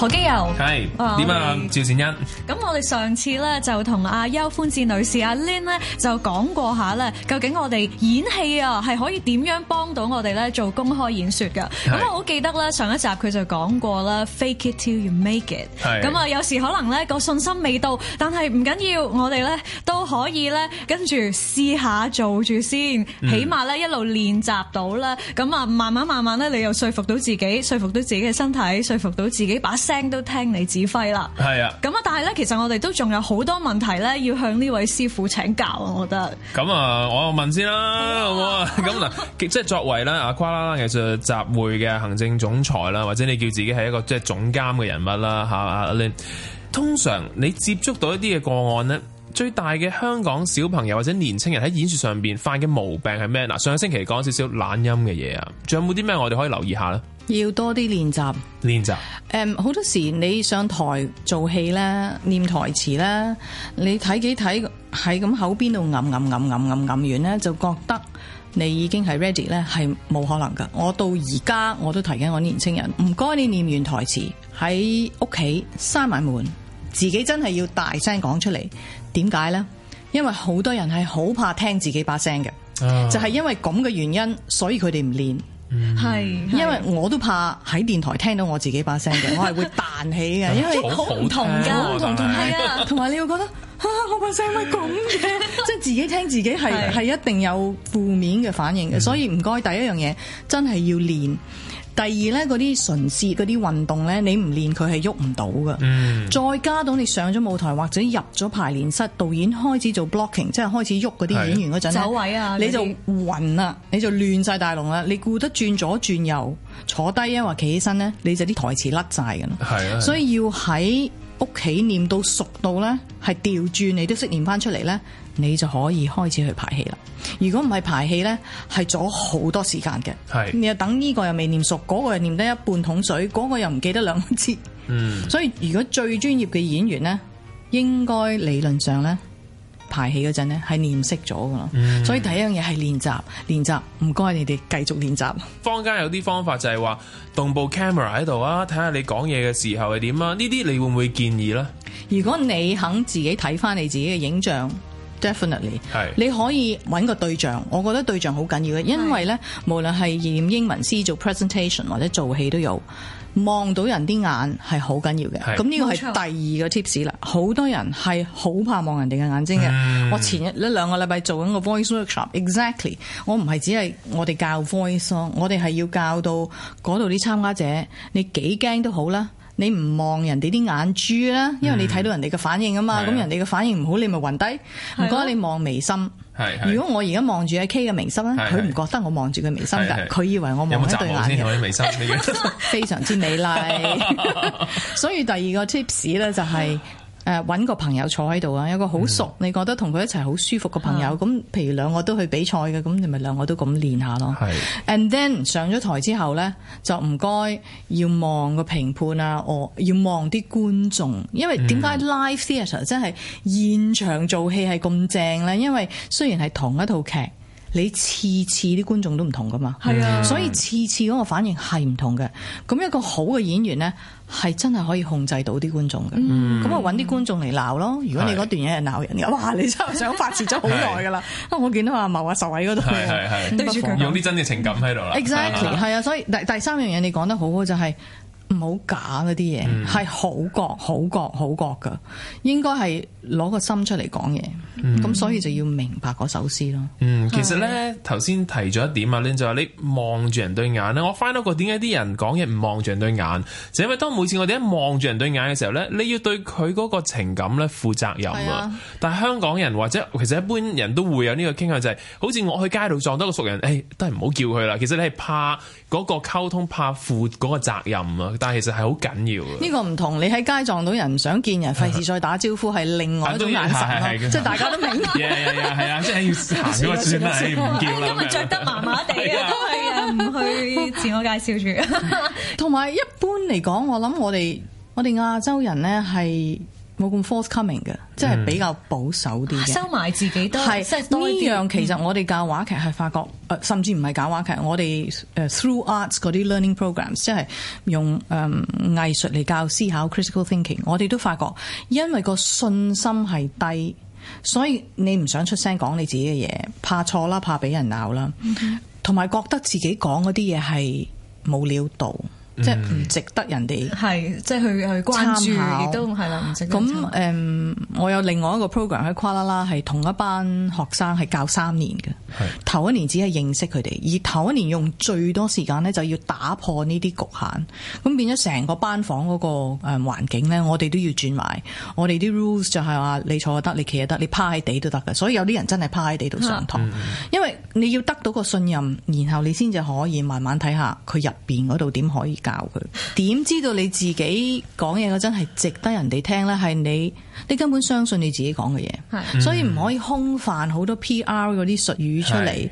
何基佑係點啊？趙是、oh, okay. 善欣，咁 我哋上次咧就同阿邱歡智女士、阿 Lin 咧就講過下咧，究竟我哋演戲啊係可以點樣幫到我哋咧做公開演說噶？咁是我好記得咧上一集佢就講過啦，fake it till you make it。咁啊是有時可能咧個信心未到，但係唔緊要，我哋咧都可以咧跟住試下做住先，起碼咧一路練習到啦，咁啊、嗯、慢慢慢慢咧你又說服到自己，說服到自己嘅身體，說服到自己把聲都聽你指揮啦，係啊，咁啊，但係咧，其實我哋都仲有好多問題咧，要向呢位師傅請教啊，我覺得。咁啊，我問先啦，好，啊，好啊？咁嗱， 即係作為，啊，啦，阿誇啦啦藝術集匯嘅行政總裁啦，或者你叫自己係一個即係總監嘅人物啦，吓，啊，阿，啊、Lynn，通常你接觸到一啲嘅個案呢，最大嘅香港小朋友或者年青人喺演說上邊犯嘅毛病係咩？嗱，上個星期講少少懶音嘅嘢啊，仲有冇啲咩我哋可以留意下咧？要多啲練習，練習。誒，好多時你上台做戲咧，念台詞咧，你睇幾睇喺咁口邊度，暗暗暗暗暗暗完咧，就覺得你已經係 ready 咧，係冇可能噶。我到而家我都提緊我啲年青人，唔該你念完台詞喺屋企閂埋門，自己真係要大聲講出嚟。點解咧？因為好多人係好怕聽自己把聲嘅，就係因為咁嘅原因，所以佢哋唔練。係，嗯、因為我都怕喺電台聽到我自己把聲嘅， 我係會彈起嘅， 因為好唔同㗎，好唔同，同係啊，同埋 你會覺得啊，我把聲乜咁嘅， 即係自己聽自己係係 一定有負面嘅反應嘅， 所以唔該第一樣嘢真係要練。第二咧，嗰啲唇齒嗰啲運動咧，你唔練佢係喐唔到噶。嗯、再加到你上咗舞台或者入咗排練室，導演開始做 blocking，即係開始喐嗰啲演員嗰陣，走位啊，的你就暈啦，你就亂晒大龍啦，你顧得轉左轉右，坐低啊或企起身咧，你就啲台詞甩晒㗎啦。係啊，所以要喺。屋企念到熟到呢，係調轉你都識念翻出嚟呢，你就可以開始去排戲啦。如果唔係排戲呢，阻咗好多時間嘅。係是，你又等呢個又未念熟，嗰個又念得一半桶水，嗰個又唔記得兩字。嗯，所以如果最專業嘅演員呢，應該理論上呢。排戲嗰陣咧，係練識咗噶喇，所以第一樣嘢係練習練習，唔該你哋繼續練習。坊間有啲方法就係話動部 camera 喺度啊，睇下你講嘢嘅時候係點啊？呢啲你會唔會建議咧？如果你肯自己睇翻你自己嘅影像，definitely，是你可以揾個對象。我覺得對象好緊要嘅，因為咧，是無論係念英文、詩做 presentation 或者做戲都有。望到人啲眼係好緊要嘅，咁呢個係第二個 tips 啦。好錯多人係好怕望人哋嘅眼睛嘅。嗯、我前一兩個禮拜做緊個 voice workshop，exactly，我唔係只係我哋教 voice，我哋係要教到嗰度啲參加者，你幾驚都好啦，你唔望人哋啲眼珠啦，因為你睇到人哋嘅反應啊嘛，咁、嗯、人哋嘅反應唔好，你咪暈低，唔該的你望眉心。如果我而家望住阿 K 嘅眉心咧，佢唔是覺得我望住佢眉心噶，佢是以為我望一對眼眉嘅， 非常之美麗。 所以第二個 tips 咧就係、是。 誒揾、啊、個朋友坐喺度啊，有個好熟，嗯、你覺得同佢一齊好舒服個朋友，咁、啊、譬如兩個都去比賽嘅，咁你咪兩個都咁練下咯。是 And then 上咗台之後咧，就唔該要望個評判啊，我、哦、要望啲觀眾，因為點解 live theatre 真係現場做戲係咁正咧？因為雖然係同一套劇。你次次啲觀眾都唔同噶嘛，啊、所以次次嗰個反應係唔同嘅。咁一個好嘅演員咧，係真係可以控制到啲觀眾嘅。咁啊揾啲觀眾嚟鬧咯。如果你嗰段嘢係鬧人嘅，是哇！你真係想發泄咗好耐㗎啦。 是我見到阿茂阿壽喺嗰度，用啲真嘅情感喺度啦。Exactly，係 啊，所以第第三樣嘢你講得好好就係、是。唔好假嗰啲嘢，係、嗯、好覺、好覺、好覺噶應該係攞個心出嚟講嘢，咁、嗯、所以就要明白嗰首詩咯。嗯，其實咧頭先提咗一點啊，你就話你望住人對眼咧，我翻到個點解啲人講嘢唔望住人對眼？就是、因為當每次我哋一望住人對眼嘅時候咧，你要對佢嗰個情感咧負責任啊。但係香港人或者其實一般人都會有呢個傾向，就係、是、好似我去街度撞到個熟人，誒、哎，都係唔好叫佢啦。其實你係怕。嗰個溝通怕負嗰個責任啊，但係其實係好緊要嘅。呢個唔同，你喺街撞到人，唔想見人，費事再打招呼係 另外一種眼神， 即係大家都明白。係啊係啊，即係 要行嗰個轉身唔見，著得麻麻地啊， 都係啊，唔去自我介紹住。同 埋 一般嚟講，我諗我哋我哋亞洲人咧係。冇咁 forthcoming 嘅，嗯、即係比較保守啲嘅，收埋、啊、自己多。係呢樣，其實我哋教話劇係發覺，誒、呃、甚至唔係教話劇，我哋誒、uh, through arts 嗰啲 learning programs 即係用誒藝術嚟教思考 critical thinking。我哋都發覺，因為個信心係低，所以你唔想出聲講你自己嘅嘢，怕錯啦，怕俾人鬧啦，同埋、嗯、哼覺得自己講嗰啲嘢係冇料到。即係唔值得人哋係即係去去關注，亦都係啦。唔考值咁誒、嗯、我有另外一個 program 喺誇啦啦，係同一班學生係教三年嘅。頭是一年只係認識佢哋，而頭一年用最多時間咧，就要打破呢啲局限。咁變咗成個班房個誒環境咧，我哋都要轉埋。我哋啲 rules 就係、是、話你坐得，你企得，你趴喺地都得嘅。所以有啲人真係趴喺地度上堂，啊、嗯嗯因為你要得到個信任，然後你先至可以慢慢睇下佢入邊度點可以。教佢點知道你自己講嘢真係值得人哋聽呢？係，你你根本相信你自己講嘅嘢，的所以唔可以空泛，好多 PR 嗰啲術語出嚟。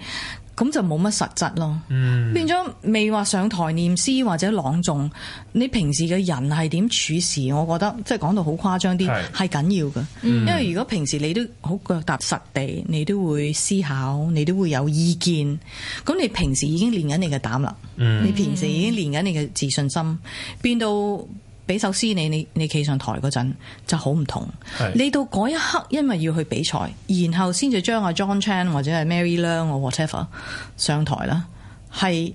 咁就冇乜實質咯，嗯、變咗未話上台念詩或者朗誦。你平時嘅人係點處事，我覺得即係講到好誇張啲，係緊是要嘅。嗯、因為如果平時你都好腳踏實地，你都會思考，你都會有意見。咁你平時已經練緊你嘅膽啦，嗯、你平時已經練緊你嘅自信心，變到。俾首詩你，你你企上台嗰陣就好唔同。你到嗰一刻，因為要去比賽，然後先至將阿 John Chan 或者係 Mary Lung 或者 whatever 上台啦，係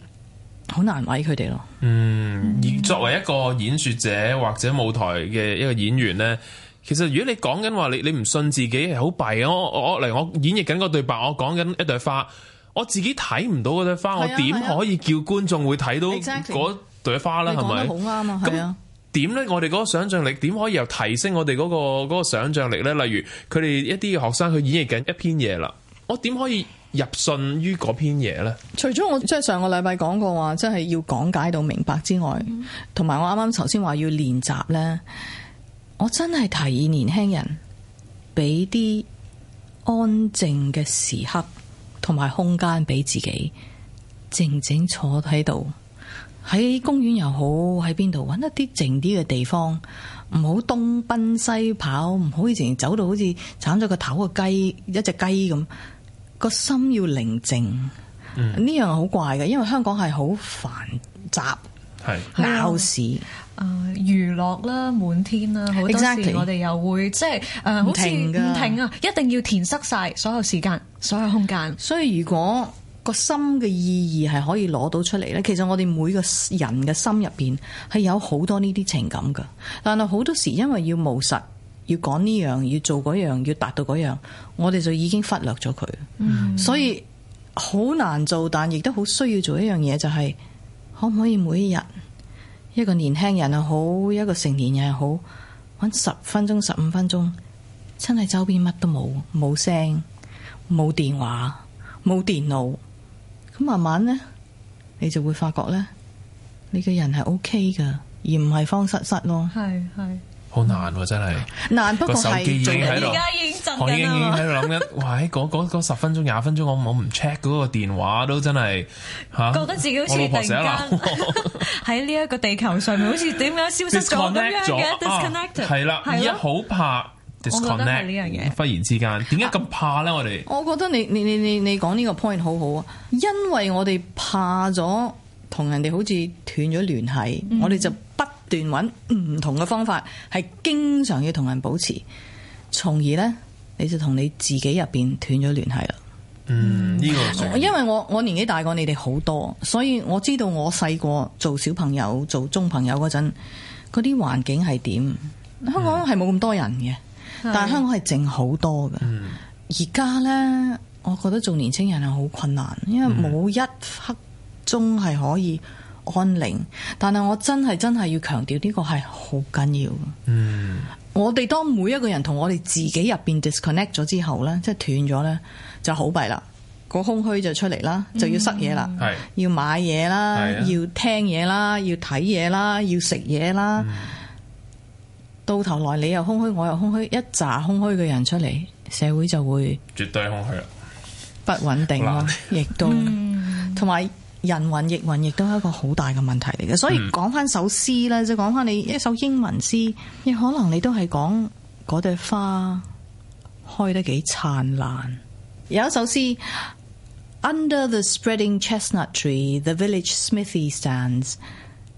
好難為佢哋咯。嗯，而作為一個演説者或者舞台嘅一個演員咧，其實如果你講緊話你你唔信自己係好弊啊，我我嚟我，我演繹緊個對白，我講緊一,一朵花，我自己睇唔到嗰朵花，的我點可以叫觀眾會睇到嗰朵花咧？係咪好啱啊？係啊 exactly！是點咧？我哋嗰個想象力點可以又提升我哋嗰、嗰個、嗰個想象力咧？例如佢哋一啲學生去演繹緊一篇嘢啦，我點可以入信於嗰篇嘢咧？除咗我即係上個禮拜講過話，即係要講解到明白之外，同埋、嗯、我啱啱頭先話要練習咧，我真係提議年輕人俾啲安靜嘅時刻同埋空間俾自己靜靜坐喺度。喺公園又好，喺邊度搵一啲靜啲嘅地方，唔好東奔西跑，唔好以前走到好似斬咗個頭嘅雞一隻雞咁，個心要寧靜。呢樣好怪嘅，因為香港係好繁雜，係是鬧市事。誒、呃，娛樂啦，滿天啦，好多時我哋又會 Exactly. 即係誒、呃，好似唔停啊，嗯、一定要填塞晒所有時間，所有空間。所以如果個心嘅意義係可以攞到出嚟咧。其實我哋每個人嘅心入邊係有好多呢啲情感噶但係好多時因為要務實，要講呢樣，要做嗰樣，要達到嗰樣，我哋就已經忽略咗佢。嗯、所以好難做，但亦都好需要做一樣嘢，就係、是、可唔可以每一日，一個年輕人又好，一個成年人又好，搵十分鐘、十五分鐘，真係周邊乜都冇，冇聲，冇電話，冇電腦。咁慢慢咧，你就會發覺咧，你嘅人係 O K 噶，而唔係慌失失咯。係係，好難喎、啊、真係。難不過係，仲而家認真我已經喺度諗緊，哇！喺嗰十分鐘、廿分鐘，我我唔 check 嗰個電話都真係吓，啊、覺得自己好似突然間喺呢一個地球上面好似點樣消失咗咁樣嘅？Disconnected 係啦，而家好怕。啊 d i s c o n n 忽然之間，點解咁怕呢？我哋、啊、我覺得你你你你你講呢個 point 好好啊，因為我哋怕咗同人哋好似斷咗聯繫，嗯、我哋就不斷揾唔同嘅方法，係、嗯、經常要同人保持，從而呢，你就同你自己入邊斷咗聯繫啦。嗯、呢、這個因為我我年紀大過你哋好多，所以我知道我細個做小朋友、做中朋友嗰陣嗰啲環境係點。香港係冇咁多人嘅。但香港係靜好多㗎，而家、嗯、呢，我覺得做年青人係好困難，因為冇一刻鐘係可以安寧。但係我真係真係要強調呢個係好緊要嘅。嗯、我哋當每一個人同我哋自己入邊 disconnect 咗之後呢，即係斷咗呢，就好弊啦，個空虛就出嚟啦，就要塞嘢啦，要買嘢啦，要聽嘢啦，要睇嘢啦，要食嘢啦。到頭來你又空虛，我又空虛，一紮空虛嘅人出嚟，社會就會絕對空虛，不穩定咯，亦難都同埋 人云亦云，亦都係一個好大嘅問題嚟嘅。所以講翻首詩咧，即係講翻你一首英文詩，亦可能你都係講嗰朵花開得幾燦爛。有一首詩，Under the spreading chestnut tree，the village smithy stands。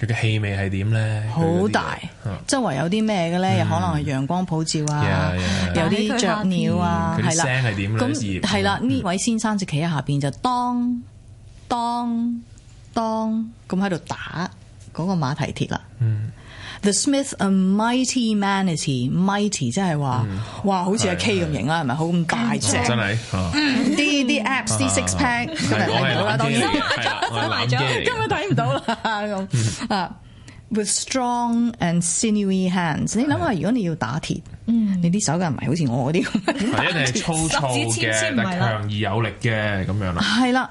佢嘅氣味係點咧？好大，啊、周圍有啲咩嘅咧？又、嗯、可能係陽光普照啊，yeah, yeah, yeah, 有啲雀鳥啊，係啦。聲係點？咁係啦，呢、嗯、位先生就企喺下邊就當當當咁喺度打嗰個馬蹄鐵啦。嗯。The Smith a mighty manity, mighty 即係話，哇，好似阿 K 咁型啊，係咪好咁大隻？真係啲啲 abs 啲 six pack 今日睇到啦，當然，我買咗，根本睇唔到啦咁啊。With strong and sinewy hands，你諗下，如果你要打鐵，你啲手腳唔係好似我嗰啲，係一定係粗粗嘅，強而有力嘅咁樣啦。係啦，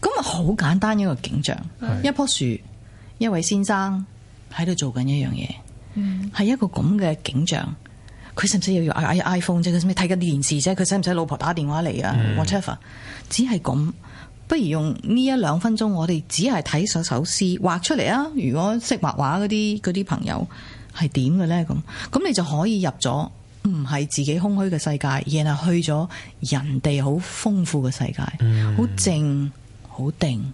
咁啊好簡單一個景象，一棵樹，一位先生。喺度做緊一樣嘢，係、嗯、一個咁嘅景象。佢使唔使要用 i iPhone 啫？佢使唔使睇緊電視啫？佢使唔使老婆打電話嚟啊、嗯、？Whatever 只係咁，不如用呢一兩分鐘，我哋只係睇首首詩畫出嚟啊！如果識畫畫嗰啲啲朋友係點嘅咧？咁咁你就可以入咗唔係自己空虛嘅世界，而係去咗人哋好豐富嘅世界，好靜好定。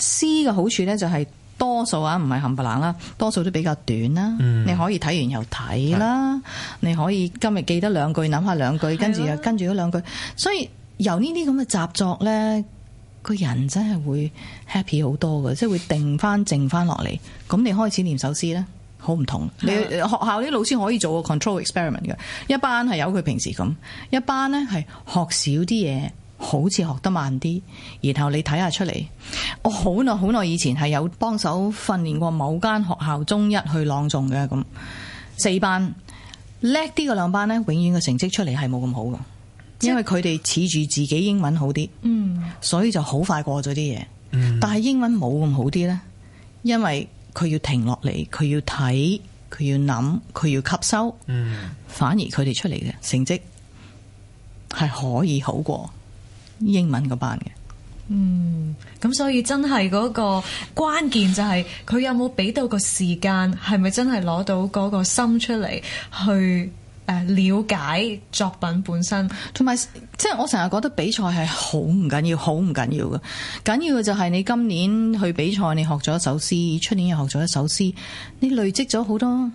詩嘅好處咧就係、是。多數啊，唔係冚唪唥啦，多數都比較短啦。嗯、你可以睇完又睇啦，的你可以今日記得兩句，諗下兩句，的跟住又跟住嗰兩句。所以由呢啲咁嘅習作呢，個人真係會 happy 好多嘅，即係會定翻、靜翻落嚟。咁你開始練首詩呢，好唔同。的你學校啲老師可以做個 control experiment 嘅，一班係由佢平時咁，一班呢係學少啲嘢。好似學得慢啲，然後你睇下出嚟。我好耐好耐以前係有幫手訓練過某間學校中一去朗誦嘅，咁四班叻啲嘅兩班呢，永遠嘅成績出嚟係冇咁好嘅，即因為佢哋恃住自己英文好啲，嗯，所以就好快過咗啲嘢。嗯、但係英文冇咁好啲呢，因為佢要停落嚟，佢要睇，佢要諗，佢要吸收，嗯、反而佢哋出嚟嘅成績係可以好過英文嗰班嘅，嗯，咁所以真係嗰個關鍵就係佢有冇俾到個時間，係咪真係攞到嗰個心出嚟去誒了解作品本身，同埋即係我成日覺得比賽係好唔緊要，好唔緊要嘅，緊要嘅就係你今年去比賽，你學咗一首詩，出年又學咗一首詩，你累積咗好多。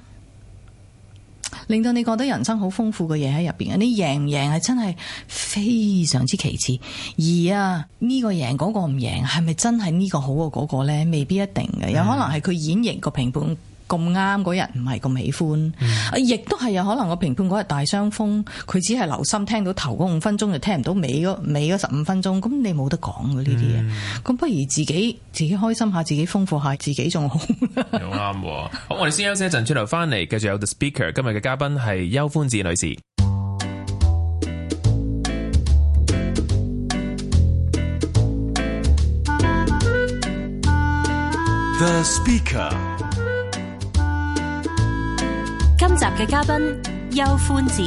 令到你覺得人生好豐富嘅嘢喺入邊，你贏唔贏係真係非常之其次，而啊呢個贏嗰個唔贏，係咪真係呢個好過嗰個呢？未必一定嘅，有可能係佢演繹個評判。咁啱嗰日唔係咁喜歡，啊、嗯，亦都係有可能我評判嗰日大傷風，佢只係留心聽到頭嗰五分鐘，就聽唔到尾嗰尾十五分鐘，咁你冇得講嘅呢啲嘢，咁、嗯、不如自己自己開心下，自己豐富下自己仲好。好 啱、嗯嗯、好，我哋先休息一陣，轉頭返嚟，繼續有 The Speaker，今日嘅嘉賓係邱歡智女士。The Speaker。集嘅嘉賓邱歡智，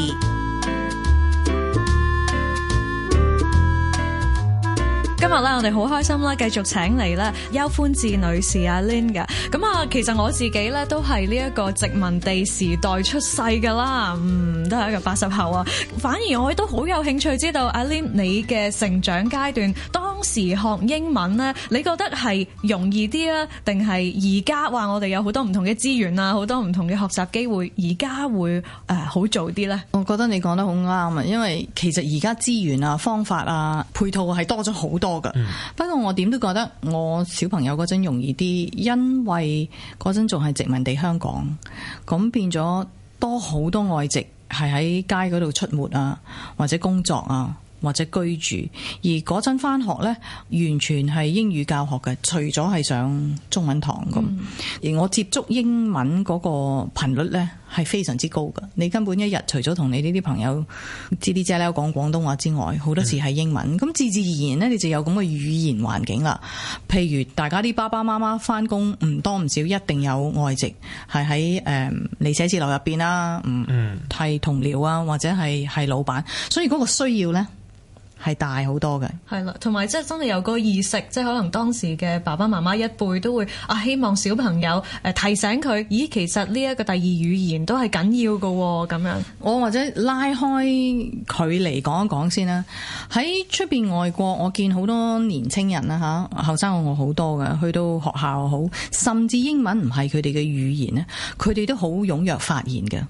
今日啦，我哋好開心啦，繼續請嚟啦，邱歡智女士啊，Lynn 嘅。咁啊，其實我自己咧都係呢一個殖民地時代出世噶啦，嗯，都係一個八十後啊。反而我亦都好有興趣知道阿 Lynn 你嘅成長階段，當時學英文咧，你覺得係容易啲啊，定係而家話我哋有好多唔同嘅資源啊、呃，好多唔同嘅學習機會而家會誒好做啲咧？我覺得你講得好啱啊，因為其實而家資源啊、方法啊、配套係多咗好多噶。嗯、不過我點都覺得我小朋友嗰陣容易啲，因為，係嗰陣仲係殖民地香港，咁變咗多好多外籍係喺街嗰度出沒啊，或者工作啊，或者居住。而嗰陣返學呢，完全係英語教學嘅，除咗係上中文堂咁。而我接觸英文嗰個頻率呢。係非常之高噶，你根本一日除咗同你呢啲朋友知啲知啦講廣東話之外，好多時係英文。咁、嗯、自自然然咧，你就有咁嘅語言環境啦。譬如大家啲爸爸媽媽翻工唔多唔少，一定有外籍係喺誒你寫字樓入邊啦。嗯，係、嗯、同僚啊，或者係係老闆，所以嗰個需要呢。係大好多嘅，係啦，同埋即係真係有個意識，即係可能當時嘅爸爸媽媽一輩都會啊，希望小朋友誒提醒佢，咦，其實呢一個第二語言都係緊要噶咁、哦、樣。我或者拉開距離講一講先啦，喺出邊外國，我見好多年青人啦吓，後、啊、生我好多噶，去到學校好，甚至英文唔係佢哋嘅語言咧，佢哋都好踴躍發言嘅。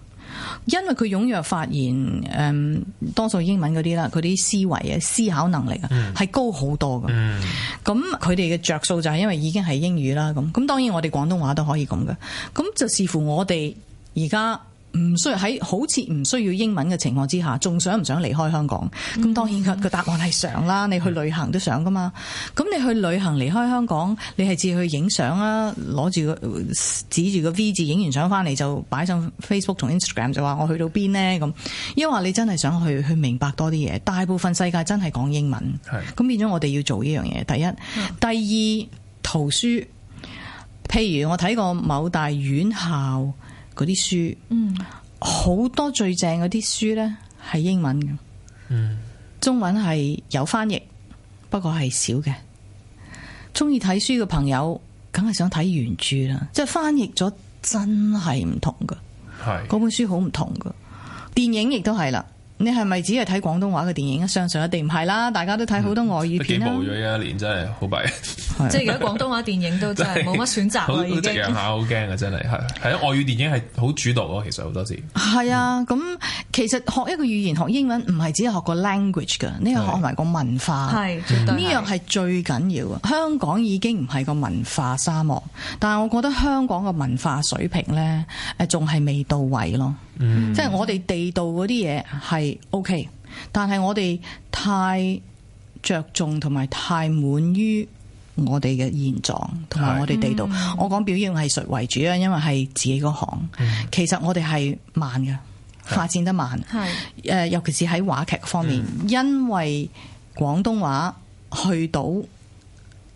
因為佢踴躍發言，誒、嗯、多數英文嗰啲啦，佢啲思維啊、思考能力啊，係高、嗯、好多㗎。咁佢哋嘅着數就係因為已經係英語啦。咁咁當然我哋廣東話都可以咁㗎。咁就視乎我哋而家。唔需要喺好似唔需要英文嘅情況之下，仲想唔想離開香港？咁、嗯、當然個、嗯、答案係想啦。嗯、你去旅行都想噶嘛。咁你去旅行離開香港，你係至去影相啦，攞住個指住個 V 字影完相翻嚟，就擺上 Facebook 同 Instagram 就話我去到邊咧咁。因為你真係想去去明白多啲嘢，大部分世界真係講英文。咁的變咗我哋要做呢樣嘢。第一，嗯、第二，圖書。譬如我睇過某大院校。嗰啲書，好、嗯、多最正嗰啲書呢係英文嘅，嗯、中文係有翻譯，不過係少嘅。中意睇書嘅朋友，梗係想睇原著啦。即係翻譯咗，真係唔同嘅，係嗰本書好唔同嘅。電影亦都係啦。你係咪只係睇廣東話嘅電影？相信一定唔係啦，大家都睇好多外語片啦。冇咗、嗯、一年真係好弊。是 即係而家廣東話電影都真係冇乜選擇㗎。 好直陽 下，好驚㗎，真係係係外語電影係好主導㗎，其實好多時。係啊，咁、嗯、其實學一個語言學英文唔係只係學個 language 㗎是，呢個學埋個文化係。呢樣係最緊要啊！香港已經唔係個文化沙漠，但係我覺得香港嘅文化水平咧，誒仲係未到位咯。嗯、即係我哋地道嗰啲嘢係。O、okay, K，但係我哋太着重同埋太滿於我哋嘅現狀同埋我哋地道。嗯、我講表演藝術為主啊，因為係自己個行。嗯、其實我哋係慢嘅，是發展得慢。係是、呃、尤其是喺話劇方面，嗯、因為廣東話去到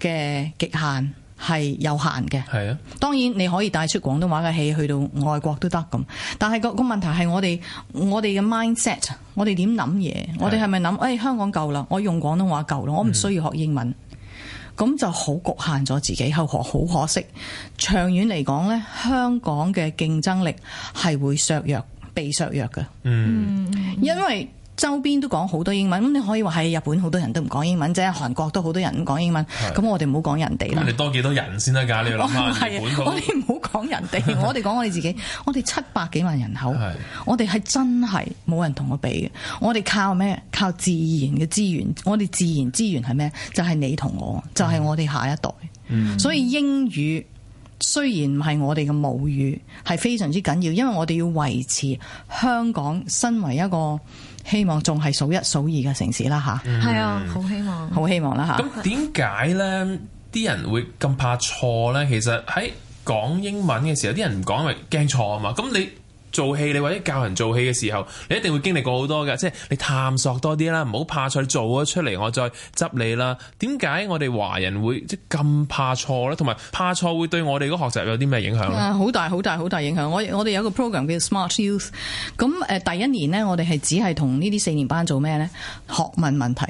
嘅極限。係有限嘅，係啊。當然你可以帶出廣東話嘅戲去到外國都得咁，但係個個問題係我哋我哋嘅 mindset，我哋點諗嘢？我哋係咪諗誒？香港夠啦，我用廣東話夠啦，我唔需要學英文，咁、嗯、就好局限咗自己，後學好可惜。長遠嚟講呢，香港嘅競爭力係會削弱，被削弱嘅，嗯，因為。周邊都講好多英文，咁你可以話係日本好多人都唔講英文即係，韓國都好多人唔講英文，咁我哋唔好講人哋啦。你多幾多人先得㗎？呢個嘛，我哋唔好講人哋，我哋講我哋自己。我哋七百幾萬人口，是我哋係真係冇人同我比嘅。我哋靠咩？靠自然嘅資源。我哋自然資源係咩？就係、是、你同我，就係、是、我哋下一代。嗯、所以英語雖然唔係我哋嘅母語，係非常之緊要，因為我哋要維持香港身為一個。希望仲係數一數二嘅城市啦，吓、嗯，係啊、嗯，好希望，好希望啦，吓。咁點解咧？啲人會咁怕錯咧？其實喺講英文嘅時候，啲人唔講咪驚錯啊嘛。咁你。做戲你或者教人做戲嘅時候，你一定會經歷過好多嘅，即係你探索多啲啦，唔好怕錯。你做咗出嚟我再執你啦。點解我哋華人會即係咁怕錯咧？同埋怕錯會對我哋個學習有啲咩影響？啊，好大好大好大影響！我我哋有一個 program 叫 Smart Youth。咁、呃、誒，第一年呢，我哋係只係同呢啲四年班做咩咧？學問問題。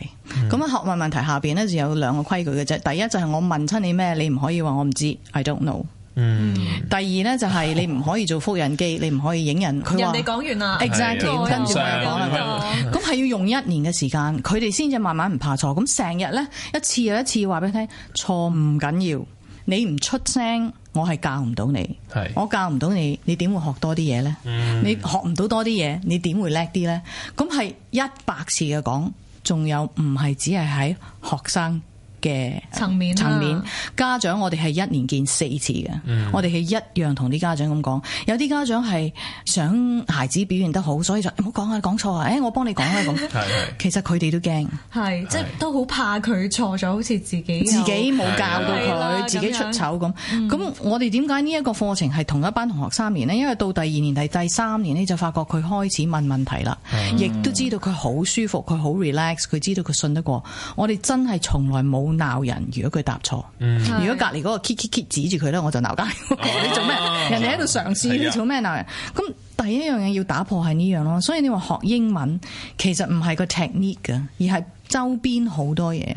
咁啊，學問問題下邊咧就有兩個規矩嘅啫。第一就係、是、我問親你咩，你唔可以話我唔知，I don't know。嗯，第二咧就係、是、你唔可以做複印機，啊，你唔可以影人。佢話人哋講完啦，Exactly，跟住我又講啦，咁係、嗯、要用一年嘅時間，佢哋先至慢慢唔怕錯。咁成日咧一次又一次話俾你聽，錯唔緊要，你唔出聲，我係教唔到你，是我教唔到你，你點會學多啲嘢咧？你學唔到多啲嘢，你點會叻啲咧？咁係一百次嘅講，仲有唔係只係喺學生。嘅層面，層面家長，我哋係一年見四次嘅，我哋係一樣同啲家長咁講。有啲家長係想孩子表現得好，所以就唔好講啊，講錯啊，誒，我幫你講啊咁。係係，其實佢哋都驚，係，即係都好怕佢錯咗，好似自己自己冇教到佢，自己出醜咁。咁我哋點解呢一個課程係同一班同學三年咧？因為到第二年、係第三年咧，就發覺佢開始問問題啦，亦都知道佢好舒服，佢好 relax，佢知道佢信得過，我哋真係從來冇。鬧人，如果佢答錯，嗯、如果隔籬嗰個 kick kick kick 指住佢咧，我就鬧街。你做咩？人哋喺度嘗試，你做咩鬧人？咁、嗯、第一樣嘢要打破係呢樣咯。所以你話學英文其實唔係個 technique 噶，而係周邊好多嘢。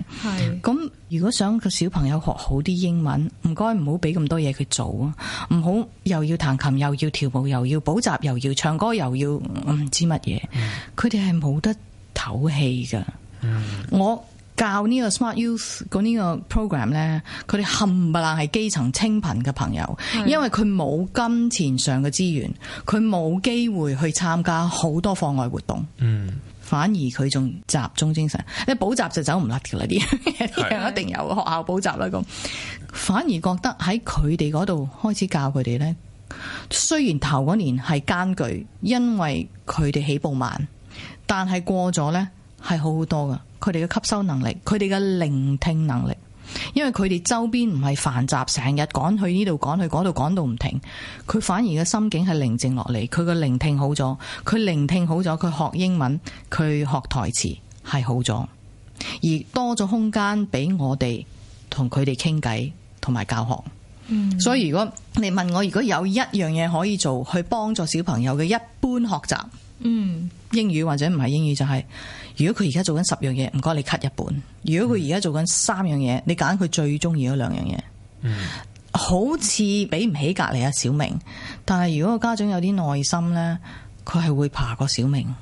咁是，如果想個小朋友學好啲英文，唔該唔好俾咁多嘢佢做啊！唔好又要彈琴，又要跳舞，又要補習，又要唱歌，又要唔知乜嘢。佢哋係冇得唞氣噶。嗯、我。教呢個 Smart Youth 嗰呢個 program 呢，佢哋冚唪唥係基層清貧嘅朋友，因為佢冇金錢上嘅資源，佢冇機會去參加好多課外活動。嗯，反而佢仲集中精神，一補習就走唔甩㗎啦。啲 一定有學校補習啦。咁反而覺得喺佢哋嗰度開始教佢哋呢，雖然頭嗰年係艱巨，因為佢哋起步慢，但係過咗呢。係好好多噶，佢哋嘅吸收能力，佢哋嘅聆聽能力，因為佢哋周邊唔係繁雜，成日趕去呢度趕去嗰度趕到唔停，佢反而嘅心境係寧靜落嚟，佢嘅聆聽好咗，佢聆聽好咗，佢學英文，佢學台詞係好咗，而多咗空間俾我哋同佢哋傾偈同埋教學。嗯，所以如果你問我，如果有一樣嘢可以做去幫助小朋友嘅一般學習。嗯，英語或者唔係英語就係、是，如果佢而家做緊十樣嘢，唔該你 cut 一本；如果佢而家做緊三樣嘢，你揀佢最中意嗰兩樣嘢。嗯，好似比唔起隔籬阿小明，但係如果個家長有啲耐心咧，佢係會爬過小明，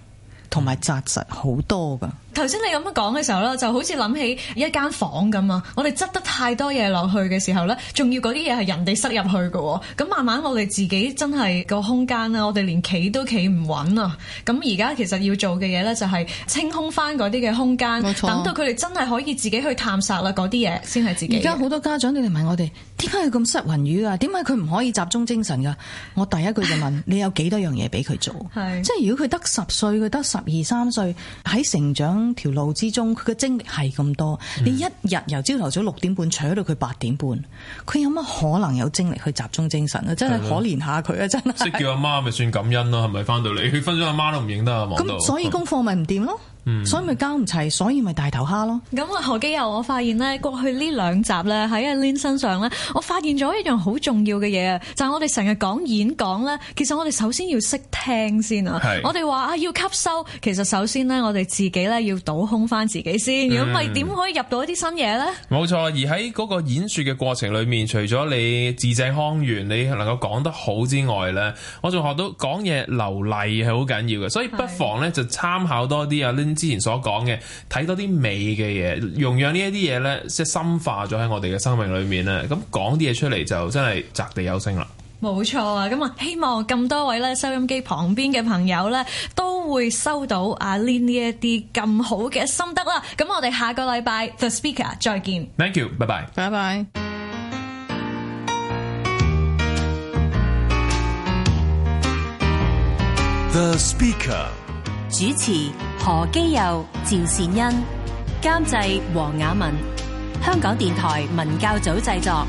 同埋扎實好多噶。頭先你咁樣講嘅時候咧，就好似諗起一間房咁啊！我哋擠得太多嘢落去嘅時候咧，仲要嗰啲嘢係人哋塞入去嘅喎。咁慢慢我哋自己真係個空間啊，我哋連企都企唔穩啊！咁而家其實要做嘅嘢咧，就係清空翻嗰啲嘅空間，錯等到佢哋真係可以自己去探索啦，嗰啲嘢先係自己。而家好多家長你哋問我哋，點解佢咁失魂魚啊？點解佢唔可以集中精神㗎？我第一句就問 你有幾多樣嘢俾佢做？是即係如果佢得十歲，佢得十二三歲喺成長，條路之中，佢嘅精力係咁多，嗯、你一日由朝頭早六點半扯到佢八點半，佢有乜可能有精力去集中精神咧？真係可憐下佢啊！真係了，識 叫阿媽咪算感恩咯，係咪翻到嚟佢瞓咗阿媽都唔認得啊？咁麼上所以功課咪唔掂咯。 所以咪交唔齊，所以咪大頭蝦咯。咁啊，何基佑，我發現咧，過去呢兩集咧喺阿 Lin 身上咧，我發現咗一樣好重要嘅嘢啊，就係我哋成日講演講咧，其實我哋首先要識聽先啊。我哋話啊要吸收，其實首先咧我哋自己咧要倒空翻自己先，如果唔係點可以入到一啲新嘢咧？冇錯，而喺嗰個演說嘅過程裏面，除咗你字正腔圓，你能夠講得好之外咧，我仲學到講嘢流利係好緊要嘅，所以不妨咧就參考多啲啊 Lin。之前所講嘅，睇多啲美嘅嘢，容讓呢一啲嘢咧，即係深化咗喺我哋嘅生命裏面啦。咁講啲嘢出嚟就真係擲地有聲啦。冇錯啊！咁啊，希望咁多位咧收音機旁邊嘅朋友咧，都會收到阿 Lynn 呢一啲咁好嘅心得啦。咁我哋下個禮拜 The Speaker 再見。Thank you，拜拜，拜拜。The Speaker。主持何基佑、趙善恩，監製黃雅文，香港電台文教組製作。